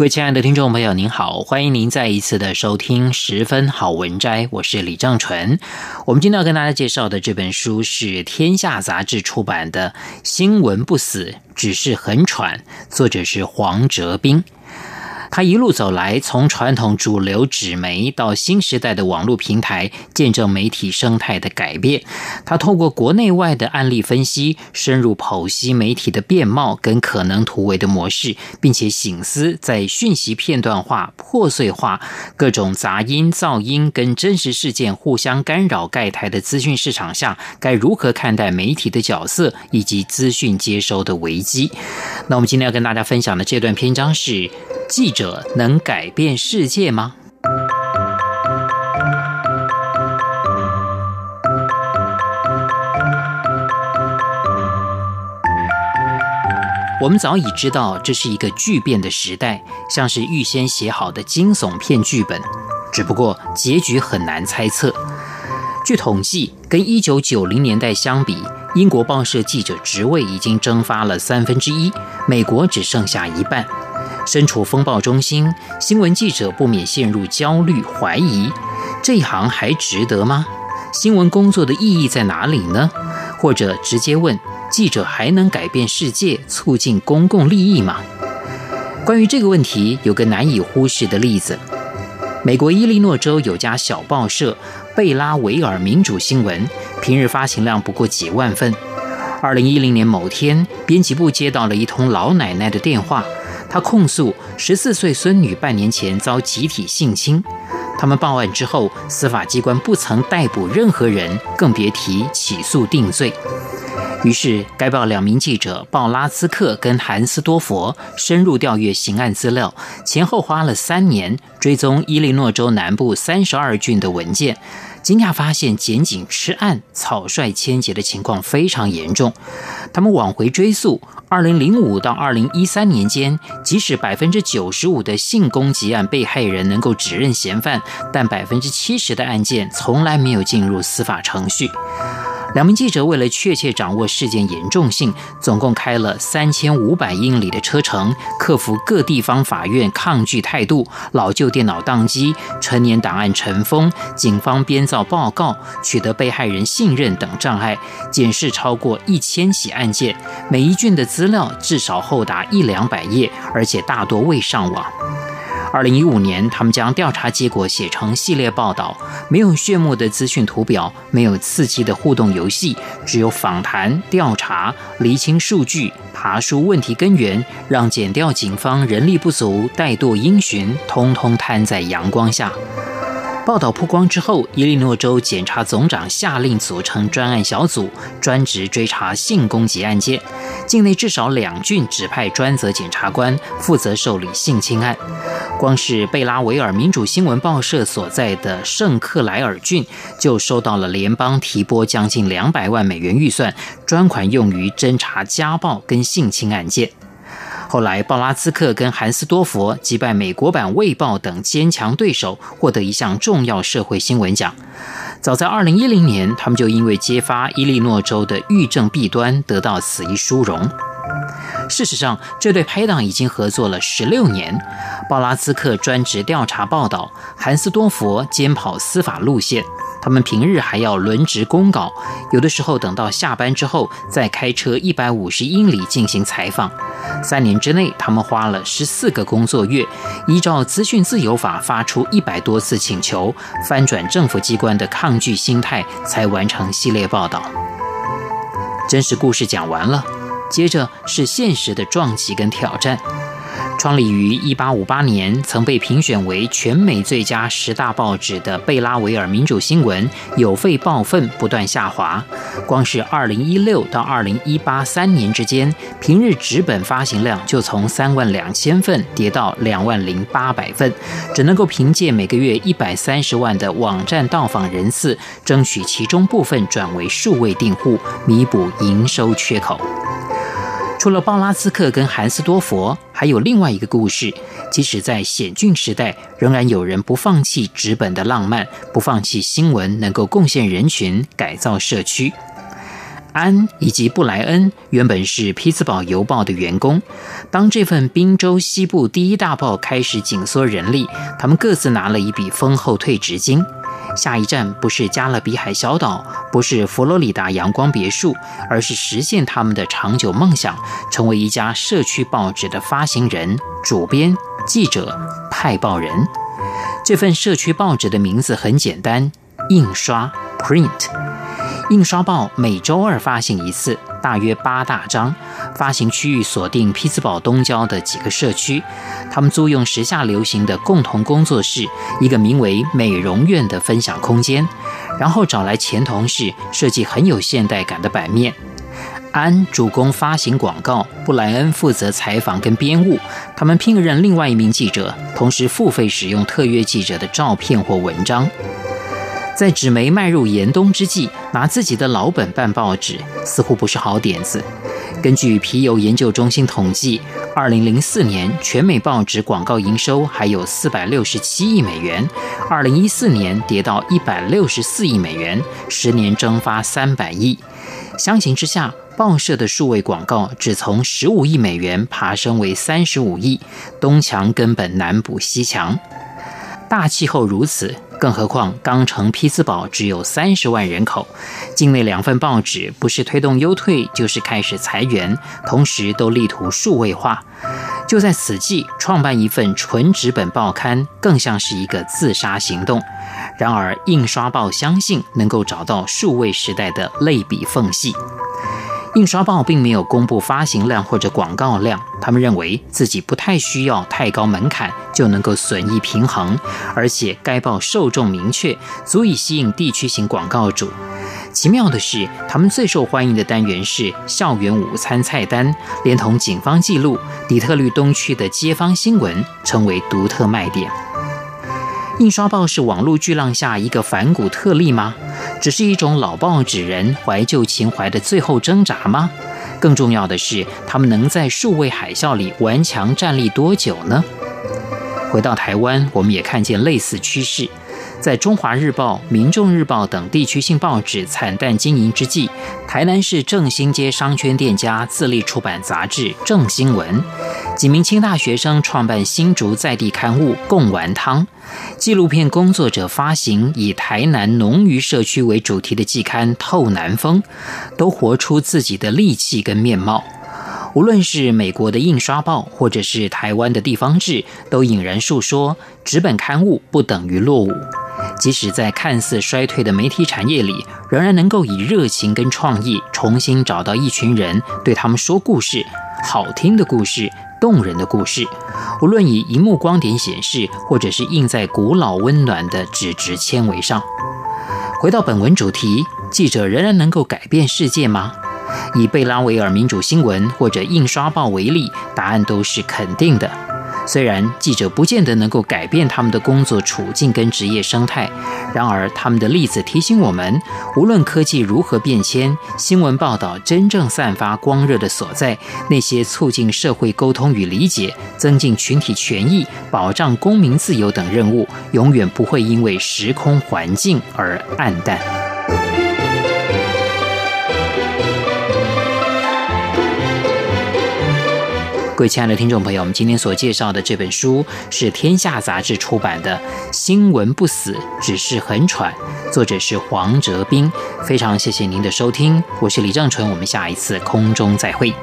各位親愛的聽眾朋友，您好，歡迎您再一次的收聽十分好文摘，我是李正淳。我們今天要跟大家介紹的這本書是天下雜誌出版的《新聞不死，只是很喘》，作者是黃哲斌。他一路走來，從傳統主流紙媒到新時代的網絡平台，見證媒體生態的改變。他透過國內外的案例分析，深入剖析媒體的面貌跟可能突圍的模式，並且省思在訊息片段化、破碎化、各種雜音噪音跟真實事件互相干擾蓋台的資訊市場下，該如何看待媒體的角色以及資訊接收的危機。那我們今天要跟大家分享的這段篇章是。記者能改變世界嗎？我們早已知道這是一個巨變的時代，像是預先寫好的驚悚片劇本，只不過結局很難猜測。據統計，跟一九九零年代相比，英國報社記者職位已經蒸發了三分之一，美國只剩下一半。身處風暴中心，新聞記者不免陷入焦慮、懷疑：這一行還值得嗎？新聞工作的意義在哪裡呢？或者直接問：記者還能改變世界、促進公共利益嗎？關於這個問題，有個難以忽視的例子：美國伊利諾州有家小報社——貝拉維爾民主新聞，平日發行量不過幾萬份。二零一零年某天，編輯部接到了一通老奶奶的電話。他控訴十四歲孫女半年前遭集體性侵，他們報案之後，司法機關不曾逮捕任何人，更別提起訴定罪。於是，該報兩名記者鮑拉斯克跟漢斯多佛深入調閱刑案資料，前後花了三年追蹤伊利諾州南部三十二郡的文件，驚訝發現檢警吃案、草率簽結的情況非常嚴重。他們往回追溯，二零零五到二零一三年間，即使百分之九十五的性攻擊案被害人能夠指認嫌犯，但百分之七十的案件從來沒有進入司法程序。兩名記者為了確切掌握事件嚴重性，總共開了三千五百英里的車程，克服各地方法院抗拒態度、老舊電腦宕機、陳年檔案塵封、警方編造報告、取得被害人信任等障礙，檢視超過一千起案件，每一卷的資料至少厚達一兩百頁，而且大多未上網。二零一五年，他們將調查結果寫成系列報道，沒有炫目的資訊圖表，沒有刺激的互動遊戲，只有訪談、調查、釐清數據、爬梳問題根源，讓檢調、警方人力不足、怠惰英、因循，通通攤在陽光下。報道曝光之後，伊利諾州檢察總長下令組成專案小組，專職追查性攻擊案件，境內至少兩郡指派專責檢察官負責受理性侵案。光是貝拉維爾民主新聞報社所在的聖克萊爾郡，就收到了聯邦提撥將近兩百萬美元預算，專款用於偵查家暴跟性侵案件。後來，鮑拉茲克跟韓斯多佛擊敗美國版《衛報》等堅強對手，獲得一項重要社會新聞獎。早在二零一零年，他們就因為揭發伊利諾州的獄政弊端，得到此一殊榮。事實上，這對拍檔已經合作了十六年。鮑拉斯克專職調查報道，韓斯多佛兼跑司法路線。他們平日還要輪值公稿，有的時候等到下班之後，再開車一百五十英里進行採訪。三年之內，他們花了十四個工作月，依照資訊自由法發出一百多次請求，翻轉政府機關的抗拒心態，才完成系列報道。真實故事講完了。接着是現實的撞擊跟挑戰。創立於1858年、曾被評選為全美最佳十大報紙的《貝拉維爾民主新聞》，有費報份不斷下滑。光是2016到2018三年之間，平日紙本發行量就從3萬兩千份跌到2萬零八百份，只能夠憑借每個月130萬的網站到訪人次，爭取其中部分轉為數位訂戶，彌補營收缺口。除了鮑拉斯克跟漢斯多佛，還有另外一個故事。即使在險峻時代，仍然有人不放棄紙本的浪漫，不放棄新聞能夠貢獻人群、改造社區。安以及布萊恩原本是匹茲堡郵報的員工，當這份賓州西部第一大報開始緊縮人力，他們各自拿了一筆豐厚退職金。下一站不是加勒比海小島，不是佛羅里達陽光別墅，而是實現他們的長久夢想——成為一家社區報紙的發行人、主編、記者、派報人。這份社區報紙的名字很簡單：印刷 （Print）。印刷報每周二發行一次，大約八大張。發行區域鎖定匹茲堡東郊的幾個社區，他們租用時下流行的共同工作室，一個名為美容院的分享空間，然後找來前同事設計很有現代感的版面。安主攻發行廣告，布萊恩負責採訪跟編務，他們聘任另外一名記者，同時付費使用特約記者的照片或文章。在紙媒邁入嚴冬之際，拿自己的老本辦報紙，似乎不是好點子。根據皮尤研究中心統計，2004年全美報紙廣告營收還有467億美元，2014年跌到164億美元，十年蒸發300億。相形之下，報社的數位廣告只從15億美元爬升為35億，東牆根本難補西牆。大氣候如此。更何況，鋼城匹茲堡只有三十萬人口，境內兩份報紙不是推動優退，就是開始裁員，同時都力圖數位化。就在此際創辦一份純紙本報刊，更像是一個自殺行動。然而，印刷報相信能夠找到數位時代的類比縫隙。印刷報並沒有公布發行量或者廣告量，他們認為自己不太需要太高門檻就能夠損益平衡，而且該報受眾明確，足以吸引地區型廣告主。奇妙的是，他們最受歡迎的單元是校園午餐菜單，連同警方記錄、底特律東區的街坊新聞，成為獨特賣點。印刷報是網絡巨浪下一個反古特例嗎？只是一種老報紙人懷舊情懷的最後掙扎嗎？更重要的是，他們能在數位海嘯裡頑強站立多久呢？回到台灣，我們也看見類似趨勢。在《中華日報》《民眾日報》等地區性報紙慘淡經營之際，台南市正興街商圈店家自立出版雜誌《正新聞》，幾名清大學生創辦新竹在地刊物《貢丸湯》，紀錄片工作者發行以台南農漁社區為主題的季刊《透南風》，都活出自己的力氣跟面貌。無論是美國的印刷報，或者是台灣的地方志，都引人述說紙本刊物不等於落伍。即使在看似衰退的媒體產業裡，仍然能夠以熱情跟創意重新找到一群人，對他們說故事，好聽的故事，動人的故事，無論以熒幕光點顯示，或者是印在古老溫暖的紙質纖維上。回到本文主題，記者仍然能夠改變世界嗎？以貝拉維爾民主新聞或者印刷報為例，答案都是肯定的。雖然記者不見得能夠改變他們的工作處境跟職業生態，然而他們的例子提醒我們，無論科技如何變遷，新聞報道真正散發光熱的所在，那些促進社會溝通與理解、增進群體權益、保障公民自由等任務，永遠不會因為時空環境而黯淡。各位親愛的聽眾朋友，我們今天所介紹的這本書是天下雜誌出版的《新聞不死，只是很喘》，作者是黃哲斌。非常謝謝您的收聽，我是李正淳，我們下一次空中再會。